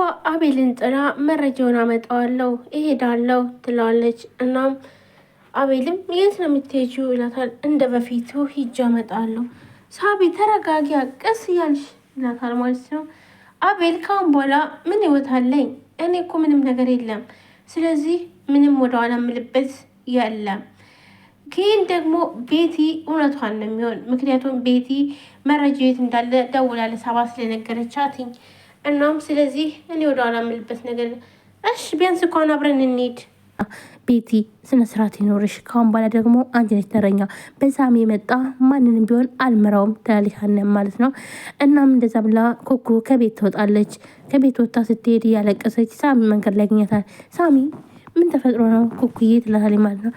ሀባ አቤልን ጥላ መረጃውን አመጣዋለሁ እሄዳለሁ ትለዋለች። እናም አቤልም የት ነው የምትሄጂው ይላታል። እንደ በፊቱ ሂጅ አመጣለሁ። ሳቢ ተረጋጊ፣ ቀስ እያልሽ ይላታል ማለት ነው። አቤል ካሁን በኋላ ምን ህይወት አለኝ? እኔ እኮ ምንም ነገር የለም። ስለዚህ ምንም ወደኋላ ምልበት የለም። ግን ደግሞ ቤቲ እውነቷን ነው የሚሆን። ምክንያቱም ቤቲ መረጃ የት እንዳለ ደውላ ለሳባ ስለነገረቻትኝ እናም ስለዚህ እኔ ወደ ኋላ የምልበት ነገር እሽ፣ ቢያንስ እንኳን አብረን እንሂድ። ቤቲ ስነ ስርዓት ይኖርሽ። ካሁን በኋላ ደግሞ አንቺ ነች ተረኛ። በዛም የመጣ ማንንም ቢሆን አልምራውም ተላሊካነ ማለት ነው። እናም እንደዛ ብላ ኮኩ ከቤት ትወጣለች። ከቤት ወጥታ ስትሄድ እያለቀሰች ሳሚ መንገድ ላይ ያገኛታል። ሳሚ ምን ተፈጥሮ ነው ኮኩዬ ትላታለች ማለት ነው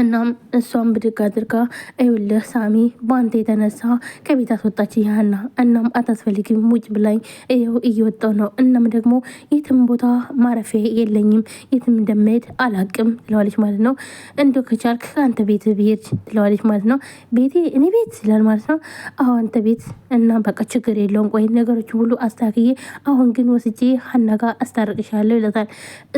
እናም እሷን ብድግ አድርጋ እዩልህ ሳሚ በአንተ የተነሳ ከቤት አስወጣች ያህና። እናም አታስፈልግም ውጭ ብላኝ ይኸው እየወጣው ነው። እናም ደግሞ የትም ቦታ ማረፊያ የለኝም የትም እንደምሄድ አላቅም ትለዋለች ማለት ነው። እንደ ከቻልክ ከአንተ ቤት ብሄድ ትለዋለች ማለት ነው። ቤቴ እኔ ቤት ይላል ማለት ነው። አሁ አንተ ቤት እና በቃ ችግር የለውም። ቆይ ነገሮች ሁሉ አስታክዬ አሁን ግን ወስጄ ሀና ጋር አስታርቅሻለሁ ይለታል።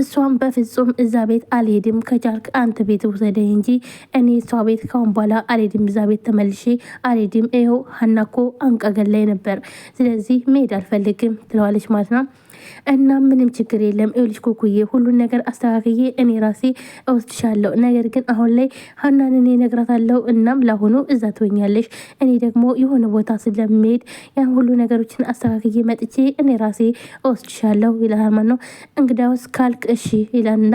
እሷም በፍጹም እዛ ቤት አልሄድም፣ ከቻልክ አንተ ቤት ውሰደኝ እንጂ እንጂ እኔ እሷ ቤት ካሁን በኋላ አልሄድም፣ እዛ ቤት ተመልሼ አልሄድም። ይኸው ሀናኮ አንቀገላይ ነበር፣ ስለዚህ መሄድ አልፈልግም ትለዋለች ማለት ነው። እና ምንም ችግር የለም ይኸውልሽ ኩኩዬ፣ ሁሉን ነገር አስተካክዬ እኔ ራሴ እወስድሻለሁ። ነገር ግን አሁን ላይ ሀናን እኔ እነግራታለሁ። እናም ለአሁኑ እዛ ትወኛለሽ። እኔ ደግሞ የሆነ ቦታ ስለምሄድ ያን ሁሉ ነገሮችን አስተካክዬ መጥቼ እኔ ራሴ እወስድሻለሁ ይላል ማለት ነው። እንግዳውስ ካልክ እሺ ይላልና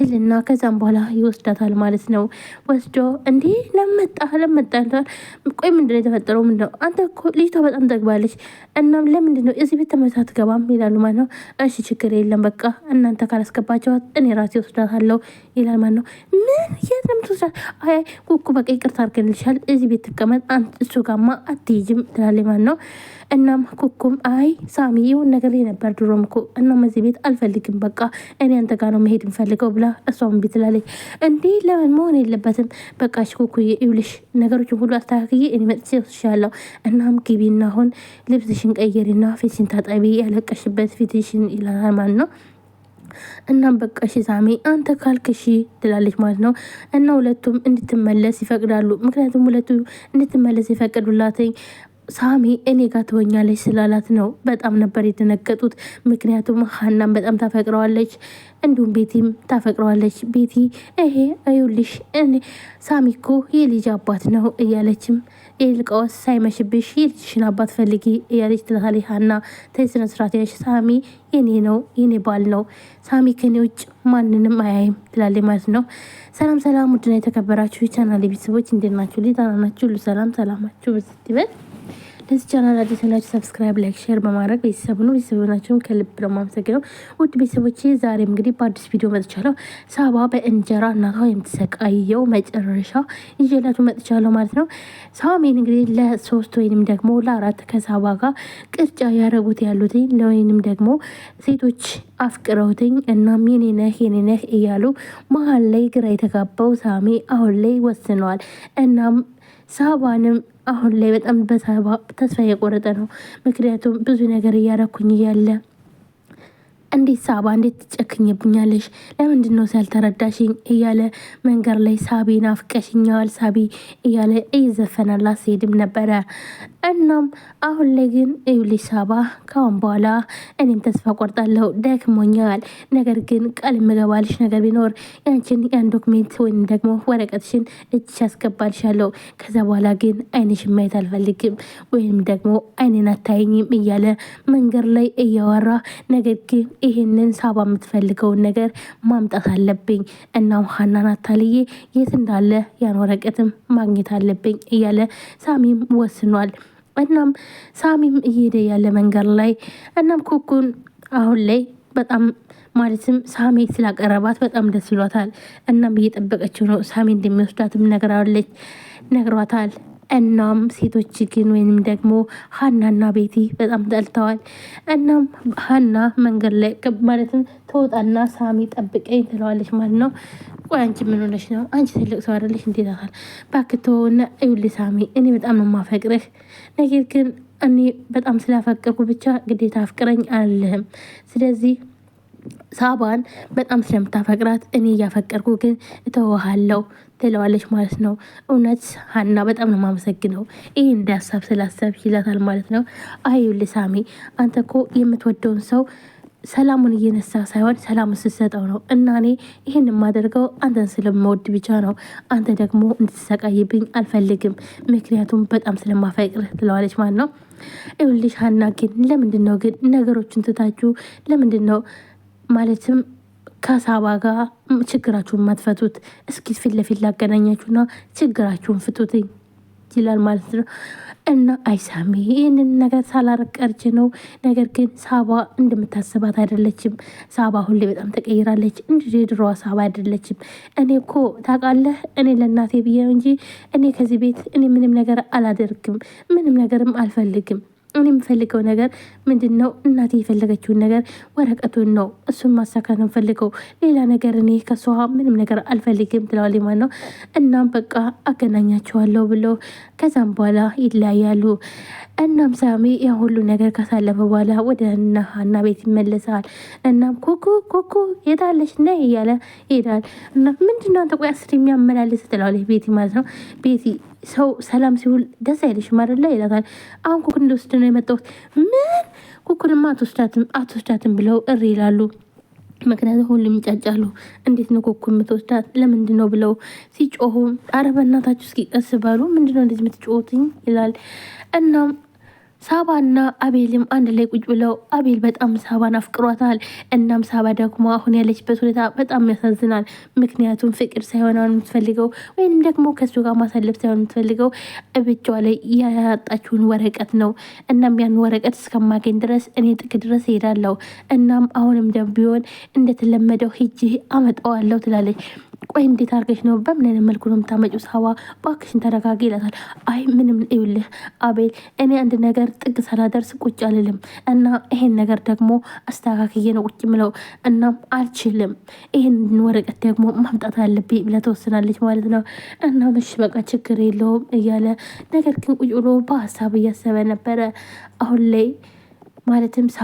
ትልና ከዛም በኋላ ይወስዳታል ማለት ነው። ወስዶ እንዴ ለመጣ ለመጣ ንተል ቆይ ምንድነው የተፈጠረው? ነው አንተ እኮ ልጅቷ በጣም ጠግባለች። እናም ለምንድን ነው እዚህ ቤት ተመልሳ አትገባም? ይላሉ ማለት ነው። እሺ ችግር የለም በቃ እናንተ ካላስገባቸዋት እኔ ራሴ ወስዳታለሁ ይላል ማለት ነው። ምን የት ነው የምትወስዳት? አይ ኩኩ በቃ ይቅርታ አድርገንልሻል፣ እዚህ ቤት ትቀመጥ፣ እሱ ጋማ አትሄጂም ትላለች ማለት ነው። እናም ኩኩም አይ ሳሚ የሆነ ነገር ነበር ድሮም እኮ እናም እዚህ ቤት አልፈልግም፣ በቃ እኔ አንተ ጋር ነው መሄድ ንፈልገው ብላ እሷም ቤት ላለች እንዲህ ለምን መሆን የለበትም በቃ ኩኩዬ ይውልሽ ነገሮችን ሁሉ አስተካክዬ እኔ መጥቼ እናም ግቢና አሁን ልብስሽን ቀይሪና ፊትሽን ታጠቢ ያለቀሽበት ፊትሽን ይላል ማለት ነው። እናም በቃ እሺ ሳሚ አንተ ካልክሺ ትላለች ማለት ነው። እና ሁለቱም እንድትመለስ ይፈቅዳሉ። ምክንያቱም ሁለቱ እንድትመለስ ይፈቅዱላትኝ ሳሚ እኔ ጋር ትወኛለች ስላላት ነው በጣም ነበር የተነገጡት። ምክንያቱም ሀናም በጣም ታፈቅረዋለች፣ እንዲሁም ቤቲም ታፈቅረዋለች። ቤቲ ይሄ አዩልሽ እኔ ሳሚ እኮ የልጅ አባት ነው እያለችም የልቃወስ ሳይመሽብሽ የልጅሽን አባት ፈልጊ እያለች ትላታለች። ሀና ተይ ስነ ስርዓት ያለሽ ሳሚ የኔ ነው የኔ ባል ነው ሳሚ ከኔ ውጭ ማንንም አያይም ትላለች ማለት ነው። ሰላም ሰላም፣ ውድና የተከበራችሁ ቻናል ቤተሰቦች እንዴት ናችሁ? ሊታና ናችሁ ሁሉ ሰላም ሰላማችሁ ብዝት ይበል። ለዚህ ቻናል አዲስ ናችሁ፣ ሰብስክራይብ፣ ላይክ፣ ሼር በማድረግ ቤተሰቡ ነው። ቤተሰቡ ናቸውን ከልብ ነው የማመሰግነው። ውድ ቤተሰቦች ዛሬም እንግዲህ በአዲስ ቪዲዮ መጥቻለሁ። ሳባ በእንጀራ እናቷ የምትሰቃየው መጨረሻ ይዤላችሁ መጥቻለሁ ማለት ነው። ሳሜን እንግዲህ ለሶስት ወይንም ደግሞ ለአራት ከሳባ ጋር ቅርጫ ያደረጉት ያሉትኝ ለወይንም ደግሞ ሴቶች አፍቅረውትኝ እናም የኔ ነህ የኔ ነህ እያሉ መሀል ላይ ግራ የተጋባው ሳሜ አሁን ላይ ወስነዋል። እናም ሳባንም አሁን ላይ በጣም በተስፋ የቆረጠ ነው። ምክንያቱም ብዙ ነገር እያረኩኝ እያለ እንዴት ሳባ እንዴት ትጨክኝብኛለሽ? ለምንድን ነው ሲያልተረዳሽኝ? እያለ መንገድ ላይ ሳቢ ናፍቀሽኛዋል ሳቢ እያለ እየዘፈነላት ሲሄድም ነበረ። እናም አሁን ላይ ግን እዩልሽ ሳባ፣ ካሁን በኋላ እኔም ተስፋ ቆርጣለሁ፣ ደክሞኛል። ነገር ግን ቃል የምገባልሽ ነገር ቢኖር ያንችን ያን ዶክሜንት ወይም ደግሞ ወረቀትሽን እጅሽ አስገባልሻለሁ። ከዛ በኋላ ግን አይንሽ ማየት አልፈልግም፣ ወይም ደግሞ አይኔን አታይኝም እያለ መንገድ ላይ እያወራ ነገር ግን ይህንን ሳባ የምትፈልገውን ነገር ማምጣት አለብኝ እና ውሃና ናታልዬ የት እንዳለ ያን ወረቀትም ማግኘት አለብኝ እያለ ሳሚም ወስኗል። እናም ሳሚም እየሄደ ያለ መንገድ ላይ እናም ኩኩን አሁን ላይ በጣም ማለትም ሳሜ ስላቀረባት በጣም ደስ ይሏታል። እናም እየጠበቀችው ነው ሳሜ እንደሚወስዳትም ነግረዋለች ነግሯታል። እናም ሴቶች ግን ወይንም ደግሞ ሀናና ቤቲ በጣም ጠልተዋል። እናም ሀና መንገድ ላይ ማለትም ተወጣና ሳሚ ጠብቀኝ ትለዋለች ማለት ነው። ቆይ አንቺ ምን ሆነሽ ነው? አንቺ ትልቅ ሰው አይደለሽ? እንዴት አካል ባክቶና እዩል ሳሚ፣ እኔ በጣም ነው ማፈቅርህ፣ ነገር ግን እኔ በጣም ስላፈቅርኩ ብቻ ግዴታ አፍቅረኝ አለህም ስለዚህ ሳባን በጣም ስለምታፈቅራት እኔ እያፈቀርኩ ግን እተወሃለው ትለዋለች ማለት ነው። እውነት ሀና በጣም ነው የማመሰግነው ይህ እንደ ሀሳብ ስላሰብ ይላታል ማለት ነው። አዩ ልሳሚ አንተ ኮ የምትወደውን ሰው ሰላሙን እየነሳ ሳይሆን ሰላሙን ስትሰጠው ነው። እና እኔ ይህን የማደርገው አንተን ስለምወድ ብቻ ነው። አንተ ደግሞ እንድትሰቃይብኝ አልፈልግም፣ ምክንያቱም በጣም ስለማፈቅር ትለዋለች ማለት ነው። ይኸውልሽ ሀና ግን ለምንድን ነው ግን ነገሮችን ትታችሁ ለምንድን ነው ማለትም ከሳባ ጋር ችግራችሁን ማትፈቱት? እስኪ ፊት ለፊት ላገናኛችሁና ችግራችሁን ፍቱት ይላል ማለት ነው። እና አይሳሚ ይህንን ነገር ሳላረቀርች ነው። ነገር ግን ሳባ እንደምታስባት አይደለችም። ሳባ ሁሌ በጣም ተቀይራለች። እንዲ ድሮዋ ሳባ አይደለችም። እኔ እኮ ታውቃለህ፣ እኔ ለእናቴ ብዬ እንጂ እኔ ከዚህ ቤት እኔ ምንም ነገር አላደርግም፣ ምንም ነገርም አልፈልግም እኔ የምፈልገው ነገር ምንድን ነው? እናቴ የፈለገችውን ነገር ወረቀቱን ነው። እሱን ማሳካት ነው ሌላ ነገር እኔ ከሷ ምንም ነገር አልፈልግም ብለዋል ማለት ነው። እናም በቃ አገናኛቸዋለሁ ብሎ ከዛም በኋላ ይለያያሉ። እናም ሳሚ ያ ሁሉ ነገር ካሳለፈ በኋላ ወደ ሀና ቤት ይመለሳል። እናም ኩኩ ኩኩ የታለች ነ እያለ ይሄዳል። ምንድን ነው አንተ ቆይ አስር የሚያመላልስ ትለዋለች ቤቲ ማለት ነው ቤቲ ሰው ሰላም ሲውል ደስ አይልሽ አይደለ? ይላታል። አሁን ኩኩን ልወስድ ነው የመጣሁት። ምን ኩኩንማ አትወስዳትም ብለው እሪ ይላሉ። ምክንያቱም ሁሉም ይጫጫሉ። እንዴት ነው ኮኩ የምትወስዳት ለምንድን ነው ብለው ሲጮሁ፣ አረ በእናታችሁ እስኪ ቀስ ባሉ ምንድነው እንደዚህ የምትጮትኝ ይላል እና ሳባና አቤልም አንድ ላይ ቁጭ ብለው አቤል በጣም ሳባን አፍቅሯታል። እናም ሳባ ደግሞ አሁን ያለችበት ሁኔታ በጣም ያሳዝናል። ምክንያቱም ፍቅር ሳይሆን አሁን የምትፈልገው ወይም ደግሞ ከሱ ጋር ማሳለፍ ሳይሆን የምትፈልገው እብቻዋ ላይ ያጣችውን ወረቀት ነው። እናም ያን ወረቀት እስከማገኝ ድረስ እኔ ጥግ ድረስ እሄዳለሁ። እናም አሁንም ደም ቢሆን እንደተለመደው ሂጂ አመጣዋለሁ ትላለች። ቆይ እንዴት አድርገሽ ነው በምን መልኩ ነው የምታመጪው? ሳባ እባክሽን ተረጋጊ ይላታል። አይ ምንም ይውልህ አቤል፣ እኔ አንድ ነገር ጥግ ሳላደርስ ቁጭ አልልም እና ይሄን ነገር ደግሞ አስተካክዬ ነው ቁጭ ምለው እና አልችልም፣ ይህን ወረቀት ደግሞ ማምጣት አለብኝ ብላ ተወስናለች ማለት ነው። እና ምሽ በቃ ችግር የለውም እያለ ነገር ግን ቁጭ ብሎ በሀሳብ እያሰበ ነበረ አሁን ላይ ማለትም ሳ